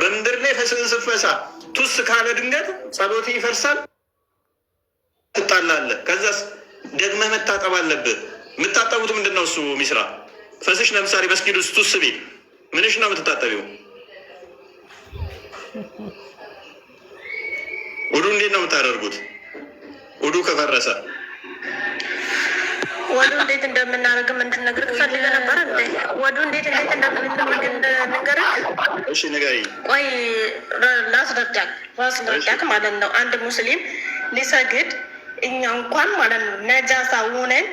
በምድር ላይ ተስንስፈሳ ቱስ ካለ ድንገት ጸሎት ይፈርሳል። ትጣላለህ። ከዛስ ደግመህ መታጠብ አለብህ። የምታጠቡት ምንድን ነው? እሱ ሚስራ ፈስሽ ለምሳሌ መስጊድ ውስጥ ቱስ ቤት ምንሽ ነው የምትታጠቢው? ውዱ እንዴት ነው የምታደርጉት? ውዱ ከፈረሰ ወዱ እንዴት እንደምናደርግም እንድነግር ነበር እ ወዱ እንዴት እንዴት እሺ እንድንገር ቆይ ላስረዳክ ላስረዳክ ማለት ነው። አንድ ሙስሊም ሊሰግድ እኛ እንኳን ማለት ነው ነጃሳ ሆነን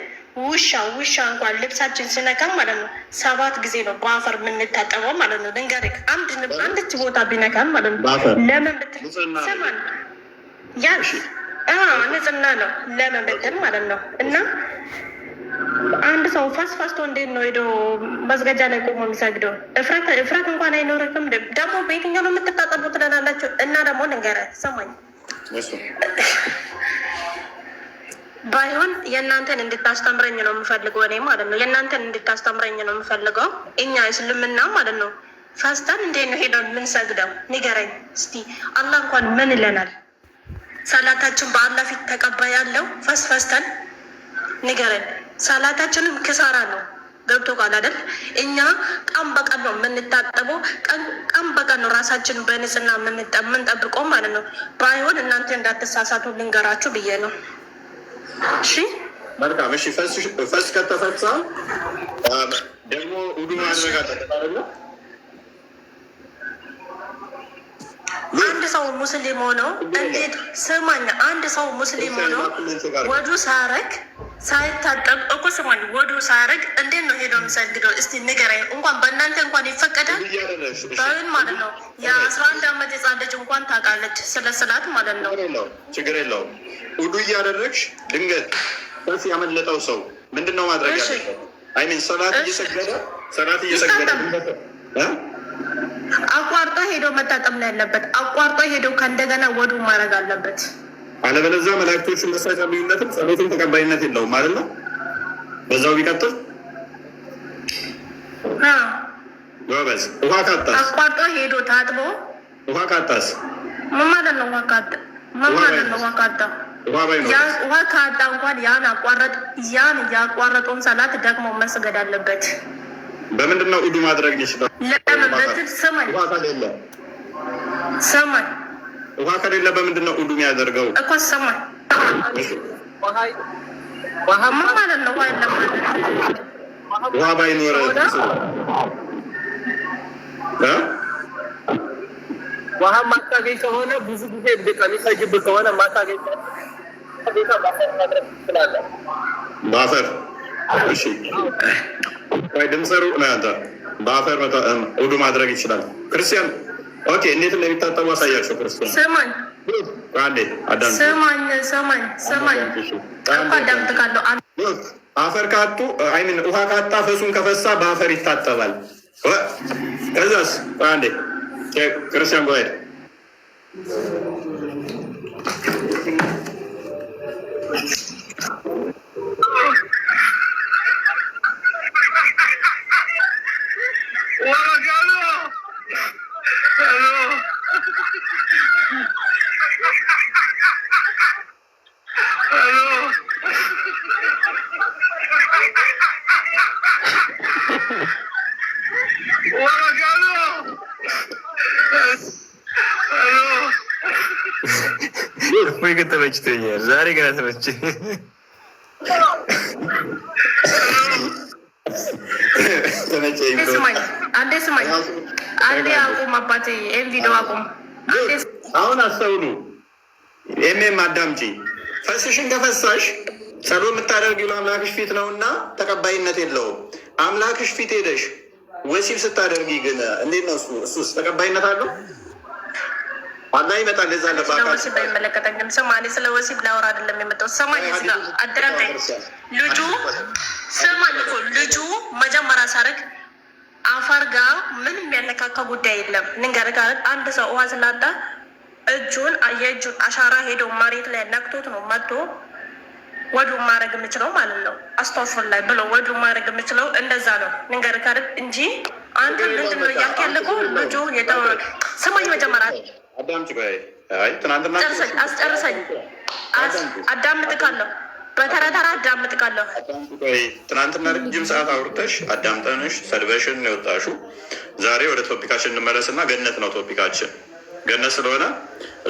ውሻ ውሻ እንኳን ልብሳችን ሲነካም ማለት ነው ሰባት ጊዜ ነው በአፈር የምንታጠበው ማለት ነው። ልንገርህ አንድ አንድች ቦታ ቢነካም ማለት ነው ለምን ብትል ስማን ያ ንጽህና ነው ለመበተን ማለት ነው እና አንድ ሰው ፈስፈስቶ እንዴት ነው ሄዶ መስገጃ ላይ ቆሞ የሚሰግደው? እፍረት እፍረት እንኳን አይኖርክም። ደግሞ በየትኛው ነው የምትታጠቡ ትላላላችሁ። እና ደግሞ ንገረ ሰማኝ ባይሆን የእናንተን እንድታስተምረኝ ነው የምፈልገው እኔ ማለት ነው። የእናንተን እንድታስተምረኝ ነው የምፈልገው። እኛ እስልምና ማለት ነው ፈስተን እንዴት ነው ሄደ የምንሰግደው? ንገረኝ እስቲ። አላህ እንኳን ምን ይለናል? ሰላታችን በአላህ ፊት ተቀባይ ያለው ፈስፈስተን ንገረን። ሰላታችንም ክሳራ ነው። ገብቶ ቃል አደል እኛ ቀን በቀን ነው የምንታጠበው፣ ቀን በቀን ነው ራሳችን በንጽህና የምንጠብቀው ማለት ነው። ባይሆን እናንተ እንዳትሳሳቱ ልንገራችሁ ብዬ ነው። እሺ፣ መልካም። እሺ፣ ፈስ ከተፈሳ ደግሞ ውዱ ማድረግ አንድ ሰው ሙስሊም ሆነው እንዴት? ስማኝ፣ አንድ ሰው ሙስሊም ሆነው ወዱ ሳረግ ሳይታጠብ እኮ ስማል ወዶ ሳያደርግ እንዴት ነው ሄዶ የሚሰግደው? እስቲ ንገረኝ። እንኳን በእናንተ እንኳን ይፈቀዳል? በምን ማለት ነው? የአስራ አንድ አመት ህጻን ልጅ እንኳን ታውቃለች ስለ ስላት ማለት ነው። ችግር የለውም። ውዱ እያደረግሽ ድንገት ስ ያመለጠው ሰው ምንድን ነው ማድረግ ያለ? አይሚን ሰላት እየሰገደ ሰላት እየሰገደ አቋርጦ ሄዶ መታጠብ ነው ያለበት። አቋርጦ ሄዶ ከእንደገና ወዱ ማድረግ አለበት። አለበለዚያ መላእክቶቹ መሳጫሉነትም ጸሎትም ተቀባይነት የለውም ማለት ነው። በዛው ቢቀጥል ጎበዝ። ውሃ ካጣስ አቋርጦ ሄዶ ታጥቦ ውሃ ካጣስ ምን ማለት ነው? ውሃ ካጣ ምን ማለት ነው? ውሃ ካጣ ውሃ ካጣ እንኳን ያን አቋረጥ ያን ያቋረጠውን ሰላት ደግሞ መስገድ አለበት። በምንድን ነው ኡዱ ማድረግ ይችላል? ለምን በትል ስምን ስምን ውሃ ከሌለ በምንድን ነው ኡዱ የሚያደርገው? እኮ ሰማን ማለት ነው። ውሃ ባይኖረ ውሃ ማታገኝ ከሆነ ብዙ ጊዜ ብቃ የሚፈጅብ ከሆነ ማታገኝ በአፈር ወይ ድምፅሩ በአፈር ኡዱ ማድረግ ይችላል ክርስቲያን ኦኬ፣ እንዴት እንደሚታጠቡ አሳያቸው። ክርስቶስ ስማኝ፣ ስማኝ፣ ስማኝ፣ ስማኝ። አዳምጥካለሁ። አፈር ካጡ አይሚን ውሃ ካጣ ፈሱን ከፈሳ በአፈር ይታጠባል። ከዛስ አንዴ ክርስቲያን ጎሄድ ምክንያት ነች። አንዴ ስማኝ፣ አንዴ አቁም አባቴ፣ ይሄን ቪዲዮ አቁም። አሁን አስተውሉ፣ ኤሜም አዳምጪ። ፈስሽን ከፈሳሽ ጸሎት የምታደርጊው አምላክሽ ፊት ነው እና ተቀባይነት የለውም። አምላክሽ ፊት ሄደሽ ወሲብ ስታደርጊ ግን እንዴት ነው? እሱስ ተቀባይነት አለው? ዋና ይመጣል። ለዛ ለወሲብ በሚመለከተኝም ሰው ማኔ ስለ ወሲብ ላወራ አይደለም የመጣሁት። ሰማኝ፣ እዚህ ጋር አደራዳኝ። ልጁ ስማኝ እኮ ልጁ መጀመሪያ ሳረግ አፋር ጋር ምን የሚያነካካ ጉዳይ የለም። ንገርህ፣ አንድ ሰው ውሃ ስላጣ እጁን የእጁን አሻራ ሄዶ መሬት ላይ ነክቶት ነው መጥቶ ወዱ ማድረግ የምችለው ማለት ነው። አስተዋፎን ላይ ብሎ ወዱ ማድረግ የምችለው እንደዛ ነው። ንገርህ እንጂ አንተ ምንድነው ነው እያልክ ያለከው ልጁ ስማኝ መጀመሪያ አዳምጪ በይ። አይ ትናንትና አስጨርሰኝ። አዳምጥካለሁ፣ በተረተራ አዳምጥካለሁ። ትናንትና ረጅም ሰዓት አውርተሽ አዳምጠንሽ ሰድበሽን ነው የወጣሽው። ዛሬ ወደ ቶፒካችን እንመለስና ገነት ነው ቶፒካችን። ገነት ስለሆነ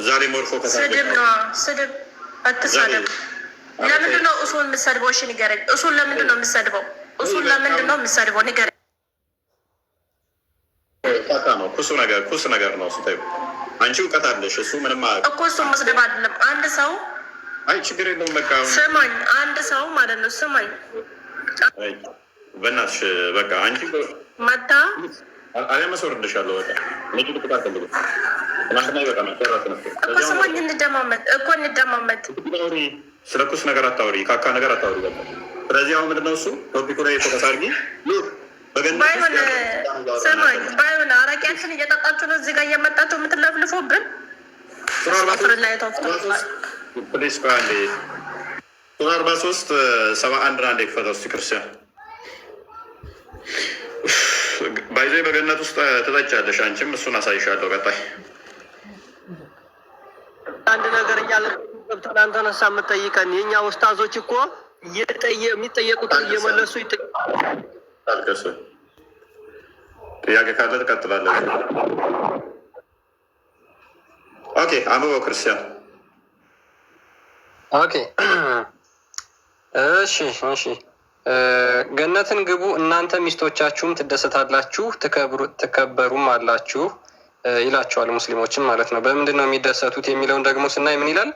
እዛ ሞርፎ ስድብ ነው ስድብ። አትሳደብ። ለምንድን ነው እሱን የምትሰድበው? እሺ ንገረኝ። እሱን ለምንድን ነው የምትሰድበው? እሱን ለምንድን ነው የምትሰድበው? ንገረኝ። ኩሱ ነገር ኩሱ ነገር ነው ስታይ አንቺ እውቀት አለሽ፣ እሱ ምንም እኮ እሱ መስደብ አይደለም። አንድ ሰው አይ ችግር የለውም በቃ ስማኝ፣ አንድ ሰው ማለት ነው ስማኝ፣ በእናትሽ በቃ አንቺ መታ አለመሰወርድሻለሁ በቃ ልጅ ልቁጣ ፈልጉ ትናንትና ይበቃ መጨራት ነበር እኮ ስማኝ፣ እንደማመጥ እኮ እንደማመጥ ስለ ኩስ ነገር አታውሪ፣ ካካ ነገር አታውሪ። በቃ ስለዚህ አሁን ምንድነው እሱ ቶፒኩ ላይ ፎከስ አድርጊ። ባይሆን ስማኝ፣ ባይሆን አረቂያችን እየጠጣችሁ ነው እዚህ ጋር እየመጣችሁ ግን አርባ አንድ አንድ የክፈተው ክርስቲያን ባይዞ በገነት ውስጥ ትጠጫለሽ። አንቺም እሱን አሳይሻለሁ። ቀጣይ አንድ ነገር እያለ ትናንት ተነሳ የምጠይቀን የእኛ ውስታዞች እኮ የሚጠየቁት እየመለሱ ይጠይቃል። ጥያቄ ካለ ትቀጥላለህ። ኦኬ፣ አንብበው ክርስቲያን። ኦኬ፣ እሺ፣ እሺ። ገነትን ግቡ እናንተ ሚስቶቻችሁም ትደሰታላችሁ ትከበሩም አላችሁ ይላቸዋል። ሙስሊሞችን ማለት ነው። በምንድን ነው የሚደሰቱት የሚለውን ደግሞ ስናይ ምን ይላል?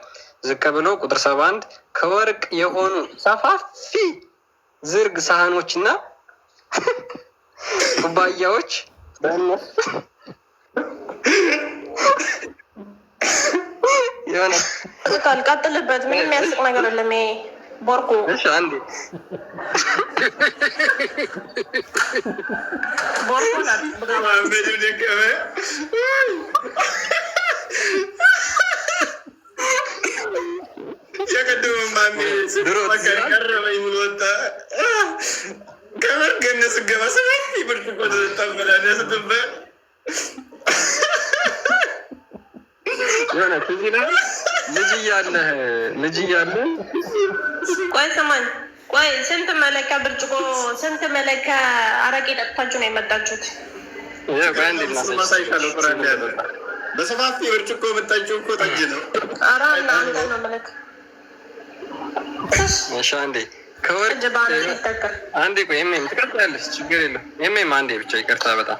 ዝቅ ብሎ ቁጥር ሰባ አንድ ከወርቅ የሆኑ ሰፋፊ ዝርግ ሳህኖችና ኩባያዎች የሆነ ቀጥልበት። ምን የሚያስቅ ነገር የለም። ቦርኮ አንዴ ቦርኮ የቀደመ ማሜ ቀረበኝ ምን ወጣ ከመርገነ ስገባ ሰፊ ብርጭቆ ተጠበላ ስትበ የሆነ ትዝ ይልሃል። ልጅ እያለህ ልጅ እያለህ ቆይ ስማኝ፣ ቆይ ስንት መለኪያ ብርጭቆ ስንት መለኪያ አረቄ ጠጥታችሁ ነው የመጣችሁት? በሰፋፊ ብርጭቆ የመጣችሁ እኮ ጠጅ ነው። አንዴ ከወርጅ ቆይ፣ ኤሜም ችግር የለም አንዴ ብቻ ይቅርታ። በጣም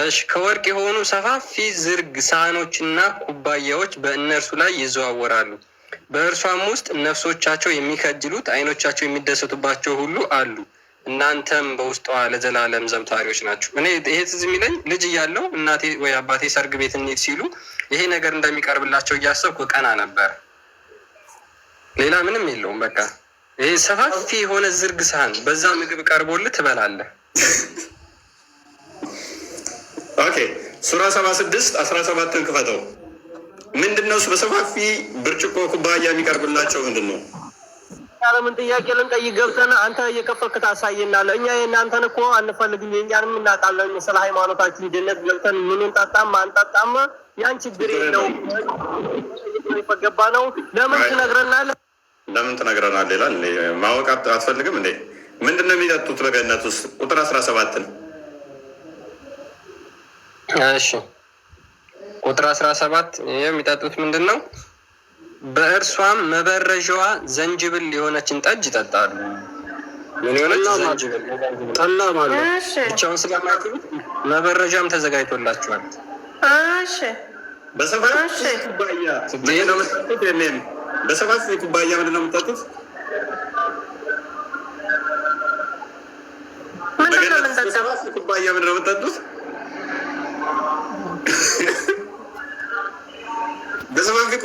እሺ ከወርቅ የሆኑ ሰፋፊ ዝርግ ሳህኖችና ኩባያዎች በእነርሱ ላይ ይዘዋወራሉ። በእርሷም ውስጥ ነፍሶቻቸው የሚከጅሉት አይኖቻቸው የሚደሰቱባቸው ሁሉ አሉ። እናንተም በውስጧ ለዘላለም ዘምታሪዎች ናቸው። እኔ ይሄ ትዝ የሚለኝ ልጅ እያለው እናቴ ወይ አባቴ ሰርግ ቤት እንሂድ ሲሉ ይሄ ነገር እንደሚቀርብላቸው እያሰብኩ ቀና ነበር። ሌላ ምንም የለውም። በቃ ይሄ ሰፋፊ የሆነ ዝርግ ሳህን በዛ ምግብ ቀርቦልህ ትበላለህ። ኦኬ ሱራ 76 17ን ክፈተው። ምንድን ነው በሰፋፊ ብርጭቆ ኩባያ የሚቀርብላቸው ምንድን ነው? ምን ጥያቄ ልንጠይቅ ገብተን አንተ እየከፈልክ ታሳየናለህ። እኛ የእናንተን እኮ አንፈልግም፣ የእኛንም እናጣለን። ስለ ሃይማኖታችን ድነት ገብተን ምኑን ጣጣም አንጣጣም ያን ችግር የለውም። የተገባ ነው። ለምን ትነግረናለህ? ለምን ትነግረናል? ሌላ ማወቅ አትፈልግም እንዴ? ምንድን ነው የሚጠጡት በገነት ውስጥ? ቁጥር 17ን እሺ ቁጥር አስራ ሰባት የሚጠጡት ምንድን ነው? በእርሷም መበረዣዋ ዘንጅብል የሆነችን ጠጅ ይጠጣሉ። ምን የሆነች ዘንጅብል ጠላ ማለት ብቻውን ስለማይክሉ መበረዣም ተዘጋጅቶላችኋል። በሰባት ኩባያ ምንድን ነው የምጠጡት? ኩባያ ምንድን ነው የምጠጡት? ብዙ መንግት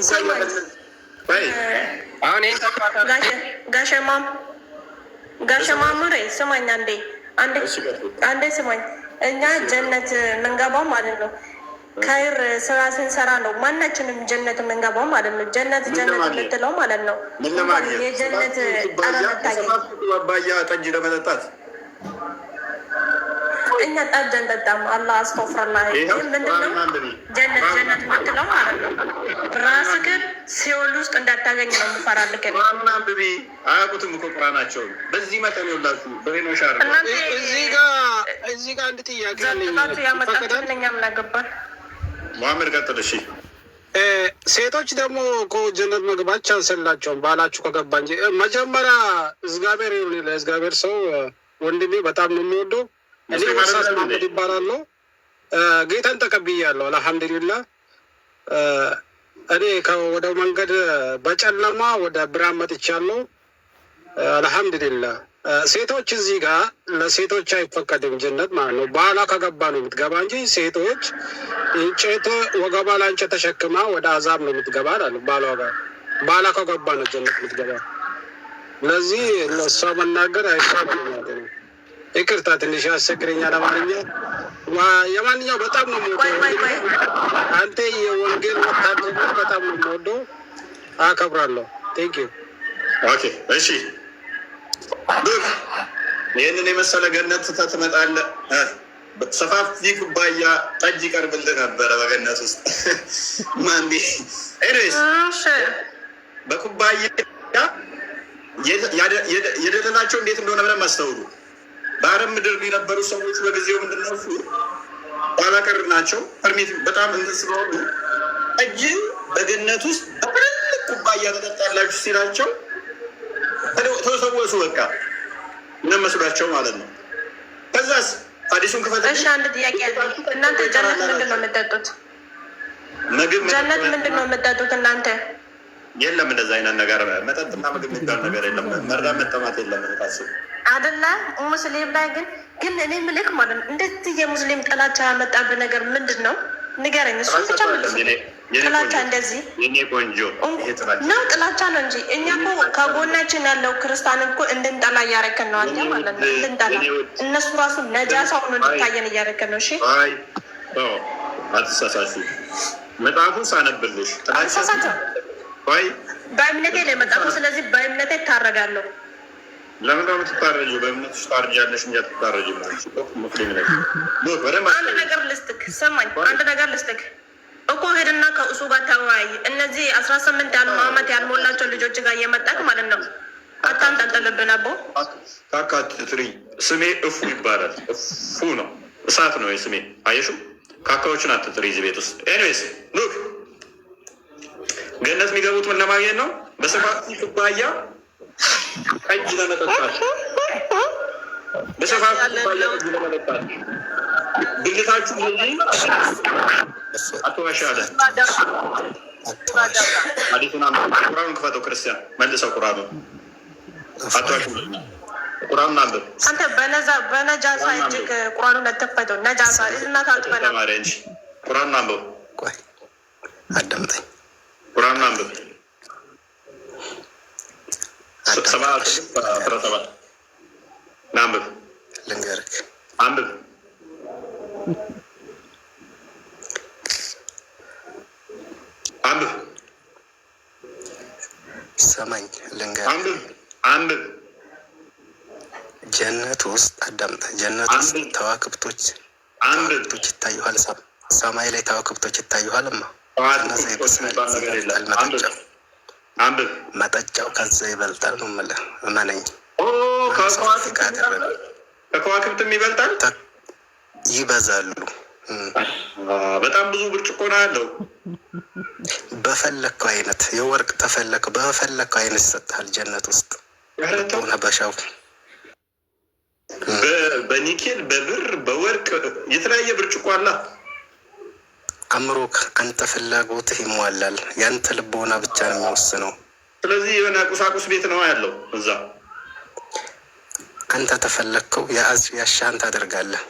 ስማኝ አንዴ አንዴ ስማኝ እኛ ጀነት የምንገባው ማለት ነው ከይር ስራ ስንሰራ ነው። ማናችንም ጀነት የምንገባው ማለት ነው። ጀነት ጀነት የምትለው ማለት ነው የጀነት ጠጅ ለመጠጣት እኛ ጠጅ አንጠጣም። አላህ አስተፍርላ ምንድነው ጀነት ጀነት ምትለው ማለት ነው። ራስህን ሲኦል ውስጥ እንዳታገኝ ነው አያውቁትም እኮ በዚህ መጠን በሬኖሻር እዚህ እዚህ አንድ ጥያቄ ምን አገባል። ሙሐመድ ቀጥል እሺ። ሴቶች ደግሞ እኮ ጀነት መግባት ቻንስ የላቸውም ባላችሁ ከገባ እንጂ መጀመሪያ እግዚአብሔር ይሁን ለእግዚአብሔር ሰው ወንድሜ በጣም ነው የሚወደው እኔ ወሳስ ማመድ ይባላሉ። ጌታን ተቀብያለሁ። አልሐምዱሊላህ እኔ ወደ መንገድ በጨለማ ወደ ብርሃን መጥቻለሁ። አልሐምዱሊላህ ሴቶች እዚህ ጋር ለሴቶች አይፈቀድም ጀነት ማለት ነው። ባሏ ከገባ ነው የምትገባ እንጂ ሴቶች እንጨት ወገባ ላይ እንጨት ተሸክማ ወደ አዛብ ነው የምትገባ አሉ። ባሏ ጋር ባሏ ከገባ ነው ጀነት የምትገባ። ለዚህ ለእሷ መናገር አይፈቀድም። ይቅርታ ትንሽ ያስቸግረኛል አማርኛ። የማንኛው በጣም ነው የምወደው አንተ የወንጌል ወታደር በጣም ነው የምወደው፣ አከብራለሁ። ቴንክ ዩ ኦኬ። እሺ ብር ይህንን የመሰለ ገነት ትመጣለህ። ሰፋፊ ኩባያ ጠጅ ይቀርብልህ ነበረ በገነት ውስጥ ማንዲ ኤኒዌይስ በኩባያ የደለላቸው እንዴት እንደሆነ ብለን አስተውሉ። በአረብ ምድር የነበሩ ሰዎች በጊዜው ምንድነሱ ኋላ ቀር ናቸው። ፐርሚት በጣም እንትን ስለሆኑ ጠጅን በገነት ውስጥ በትልልቅ ኩባያ ተጠጣላችሁ ሲላቸው ተሰወሱ። በቃ እነመስሏቸው ማለት ነው። ከዛስ አዲሱን ክፈት። እሺ አንድ ጥያቄ አለ እናንተ ጀነት ምንድን ነው የምጠጡት? ምግብ ጀነት ምንድን ነው የምጠጡት እናንተ የለም እንደዚ አይነት ነገር መጠጥና ምግብ የሚባል ነገር የለም። መርዳ መጠማት የለም። ታስብ አደላ ሙስሊም ላይ ግን ግን እኔ ምልክ ማለት ነው እንደዚህ የሙስሊም ጥላቻ ያመጣብ ነገር ምንድን ነው ንገረኝ። እሱ ብቻ ጥላቻ እንደዚህ ቆንጆ ነው ጥላቻ ነው እንጂ እኛ እኮ ከጎናችን ያለው ክርስቲያን እኮ እንድንጠላ እያረከን ነው አለ ማለት ነው። እንድንጠላ እነሱ ራሱ ነጃሳ ሆኖ እንድታየን እያረከን ነው። እሺ አትሳሳሽ መጽሐፉ ሳነብልሽ ቆይ በእምነቴ ነው የመጣሁት። ስለዚህ በእምነቴ እታረጋለሁ። ለምን ነው በእምነትሽ ታርጃለሽ እንጂ አትታረጂም። አንድ ነገር ልስጥክ፣ ሰማኝ። አንድ ነገር ልስጥክ እኮ ሄድና ከእሱ ጋር ተወያይ። እነዚህ አስራ ስምንት ያልሞ አመት ያልሞላቸው ልጆች ጋር እየመጣክ ማለት ነው አታንጠልጥልብን። አቦ ካካትሪ ስሜ እፉ ይባላል። እፉ ነው እሳት ነው ስሜ። አየሹ ካካዎችን አትጥሪ እዚህ ቤት ውስጥ ኤኒዌይስ ሉክ ገነት የሚገቡት ምን ለማግኘት ነው? በሰፋፊ ኩባያ ጠጅ ለመጠጣት፣ በሰፋፊ ኩባያ ጠጅ ለመጠጣት። ብልታችሁ አቶ ባሻለ ቁራኑን ክፈተው። ክርስቲያን መልሰው ቁራኑ ቁራኑን አንብብ። አንተ በነጃሳ እጅግ ቁራኑ ለተፈተው ነጃሳ እናት አጥበላ ቁራኑ አንብብ። ቆይ አዳምጠኝ ቁርአን አንብብ። አንብብ ልንገርክ፣ አንብብ አንብብ አንብብ ሰማኝ አንብብ አንብብ ጀነት ውስጥ አዳምጠ ጀነት ውስጥ ተዋክብቶች ተዋክብቶች ይታዩሃል። ሰማይ ላይ ተዋክብቶች ይታዩሃልማ መጠጫው ከዛ ይበልጣል ነው የምልህ። እመነኝ፣ ከከዋክብት ይበልጣል፣ ይበዛሉ። በጣም ብዙ ብርጭቆ ነው ያለው። በፈለግከው አይነት የወርቅ ተፈለግ፣ በፈለግከው አይነት ይሰጥሃል ጀነት ውስጥ ሆነ በሻው በኒኬል በብር በወርቅ የተለያየ ብርጭቆ አላ አምሮክ አንተ ፍላጎትህ ይሟላል። ያንተ ልቦና ብቻ ነው የሚወስነው። ስለዚህ የሆነ ቁሳቁስ ቤት ነው ያለው እዛ አንተ ተፈለግከው ያሻን ታደርጋለህ።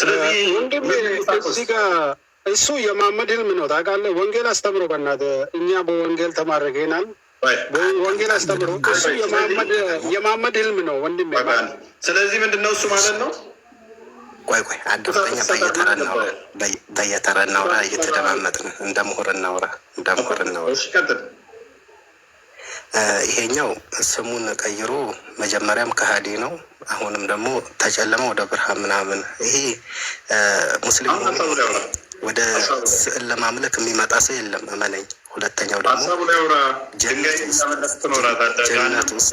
ስለዚህ እዚህ ጋር እሱ የማመድ ህልም ነው ታውቃለህ። ወንጌል አስተምሮ በእናትህ እኛ በወንጌል ተማረገናል። ወንጌል አስተምሮ እሱ የማመድ ህልም ነው ወንድም። ስለዚህ ምንድነው እሱ ማለት ነው ቆይ ቆይ አዳምጠኛ በየተራ እናውራ፣ በየተራ እናውራ፣ እየተደማመጥን እንደ ምሁር እናውራ፣ እንደ ምሁር እናውራ። ይሄኛው ስሙን ቀይሮ መጀመሪያም ከሃዲ ነው፣ አሁንም ደግሞ ተጨለመ ወደ ብርሃን ምናምን። ይሄ ሙስሊም ወደ ስዕል ለማምለክ የሚመጣ ሰው የለም፣ እመነኝ። ሁለተኛው ደግሞ ጀነት ውስጥ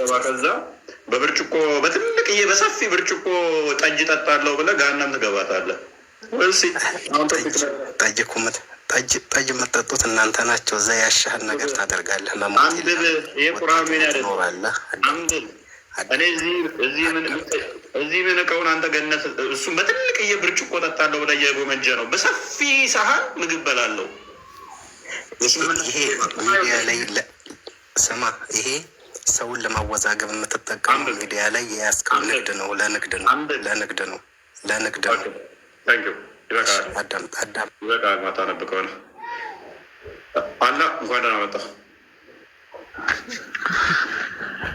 በብርጭቆ በትልቅዬ በሰፊ ብርጭቆ ጠጅ ጠጣለሁ ብለህ ጋናም ትገባታለህ። ጠጅ መጠጡት እናንተ ናቸው። እዛ ያሻህን ነገር ታደርጋለህ። ለሞት ትኖራለህ። እዚህ ምን እቀውን አንተ ገነት እሱም በትልቅዬ ብርጭቆ ጠጣለሁ ብለህ እየጎመጀ ነው። በሰፊ ሰሀን ምግብ በላለሁ። ይሄ ሚዲያ ላይ ስማ ይሄ ሰውን ለማወዛገብ የምትጠቀሙ ሚዲያ ላይ የያዝከው ንግድ ነው፣ ለንግድ ነው፣ ለንግድ ነው፣ ለንግድ ነው። አዳምጥ አዳምጥ። ማታ ነብህ አላ እንኳን ደህና መጣ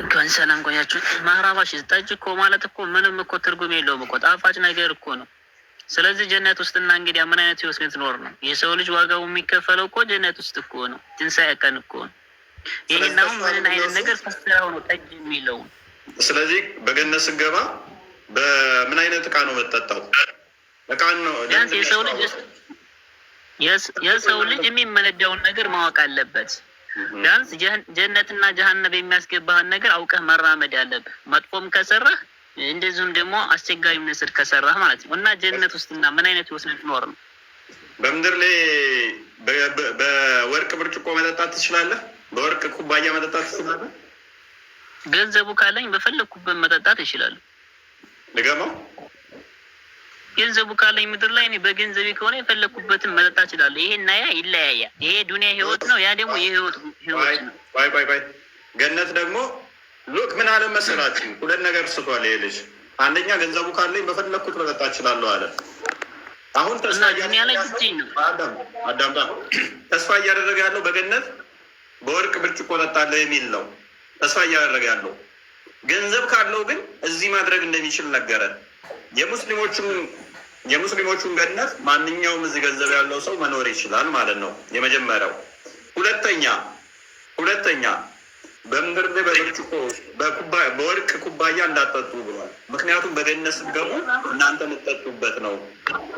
እንኳን ሰላም ቆያችሁ። ማራባሽ ጠጅ እኮ ማለት እኮ ምንም እኮ ትርጉም የለውም እኮ ጣፋጭ ነገር እኮ ነው። ስለዚህ ጀነት ውስጥና እንግዲያ ምን አይነት ህይወት ልትኖር ነው? የሰው ልጅ ዋጋው የሚከፈለው እኮ ጀነት ውስጥ እኮ ነው። ትንሣኤ ቀን እኮ ነው። ይህናው ምንን አይነት ነገር ፈስረው ነው ጠጅ የሚለው። ስለዚህ በገነት ስንገባ በምን አይነት እቃ ነው መጠጣው? እቃ ነው የሰው ልጅ የሚመነዳውን ነገር ማወቅ አለበት። ቢያንስ ጀነትና ጀሀነብ የሚያስገባህን ነገር አውቀህ መራመድ አለብህ። መጥፎም ከሰራህ እንደዚሁም ደግሞ አስቸጋሪ ምስል ከሰራህ ማለት ነው። እና ጀነት ውስጥና ምን አይነት ህይወት ልትኖር ነው? በምድር ላይ በወርቅ ብርጭቆ መጠጣት ትችላለህ? በወርቅ ኩባያ መጠጣት ትችላለህ። ገንዘቡ ካለኝ በፈለግኩበት መጠጣት ይችላል። ልገማው ገንዘቡ ካለኝ ምድር ላይ እኔ በገንዘቤ ከሆነ የፈለግኩበትን መጠጣ እችላለሁ። ይሄ እና ያ ይለያያል። ይሄ ዱኒያ ህይወት ነው፣ ያ ደግሞ የህይወት ህይወት ነው። ባይ ባይ ገነት ደግሞ ሉክ ምን አለ መሰላችሁ? ሁለት ነገር ስቷል ይሄ ልጅ። አንደኛ ገንዘቡ ካለኝ በፈለግኩት መጠጣ እችላለሁ አለ። አሁን ተስፋ እያደረገ ያለው በገነት በወርቅ ብርጭቆ ጠጣለህ የሚል ነው ተስፋ እያደረገ ያለው። ገንዘብ ካለው ግን እዚህ ማድረግ እንደሚችል ነገረ። የሙስሊሞቹን ገነት ማንኛውም እዚህ ገንዘብ ያለው ሰው መኖር ይችላል ማለት ነው። የመጀመሪያው ሁለተኛ ሁለተኛ በምድር ላይ በብርጭቆ በወርቅ ኩባያ እንዳጠጡ ብሏል። ምክንያቱም በገነት ስትገቡ እናንተ የምትጠጡበት ነው።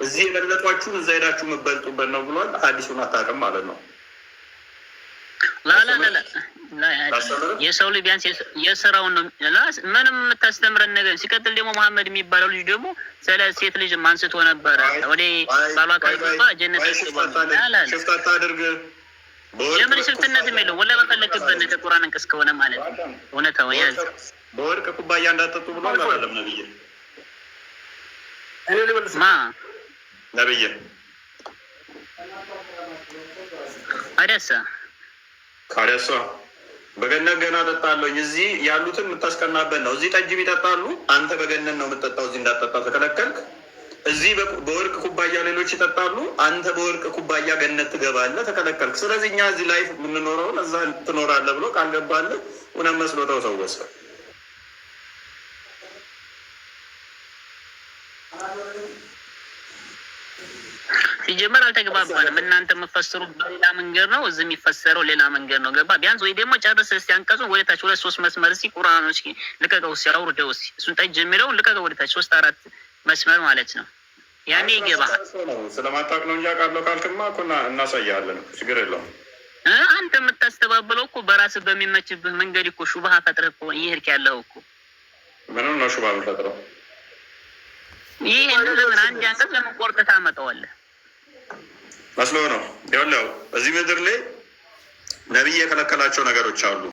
እዚህ የበለጧችሁን እዛ ሄዳችሁ የምትበልጡበት ነው ብሏል። አዲሱን አታውቅም ማለት ነው። የሰው ልጅ ቢያንስ የስራውን ነው ምንም የምታስተምረን ነገር። ሲቀጥል ደግሞ መሐመድ የሚባለው ልጅ ደግሞ ስለ ሴት ልጅ አንስቶ ነበረ። ወደ ባሏ ካልገባ ጀነት የምን ስልትነት የሚለው ወላ በፈለክበት እንቅስ ከሆነ ማለት ነው። ያዝ። በወርቅ ኩባያ ብሎ አላለም ነብይ ነብይ አደሳ ካደሷ በገነት ገና ጠጣለሁ። እዚህ ያሉትን የምታስቀናበት ነው። እዚህ ጠጅብ ይጠጣሉ፣ አንተ በገነት ነው የምጠጣው። እዚህ እንዳጠጣ ተከለከልክ። እዚህ በወርቅ ኩባያ ሌሎች ይጠጣሉ፣ አንተ በወርቅ ኩባያ ገነት ትገባለህ፣ ተከለከልክ። ስለዚህ እኛ እዚህ ላይፍ የምንኖረውን እዛ ትኖራለህ ብሎ ቃል ገባለህ። እውነት መስሎተው ሰው ወሰ ሲጀመር አልተግባባንም። እናንተ የምፈስሩ በሌላ መንገድ ነው፣ እዚህ የሚፈሰረው ሌላ መንገድ ነው። ገባ ቢያንስ ወይ ደግሞ ጨርስ እስኪ አንቀጹን ወደታች ሁለት ሶስት መስመር እስኪ ቁርአኑ እስኪ ልቀቀው፣ እስኪ አውርደው፣ እስኪ እሱን ጠጅ የሚለውን ልቀቀው ወደታች ሶስት አራት መስመር ማለት ነው። ያኔ ይገባል። ስለማታውቅ ነው እንጂ አውቃለሁ ካልክማ እኮ እናሳያለን፣ ችግር የለውም። አንተ የምታስተባብለው እኮ በራስህ በሚመችብህ መንገድ እኮ ሹባሃ ፈጥረህ እኮ ይሄድክ ያለው እኮ ምንም ነው ሹባሃ የምፈጥረው ይህ ለምን አንድ አንቀጽ ለምን ቆርጠህ ታመጣዋለህ? መስሎ ነው። ይኸውልህ እዚህ ምድር ላይ ነቢይ የከለከላቸው ነገሮች አሉ።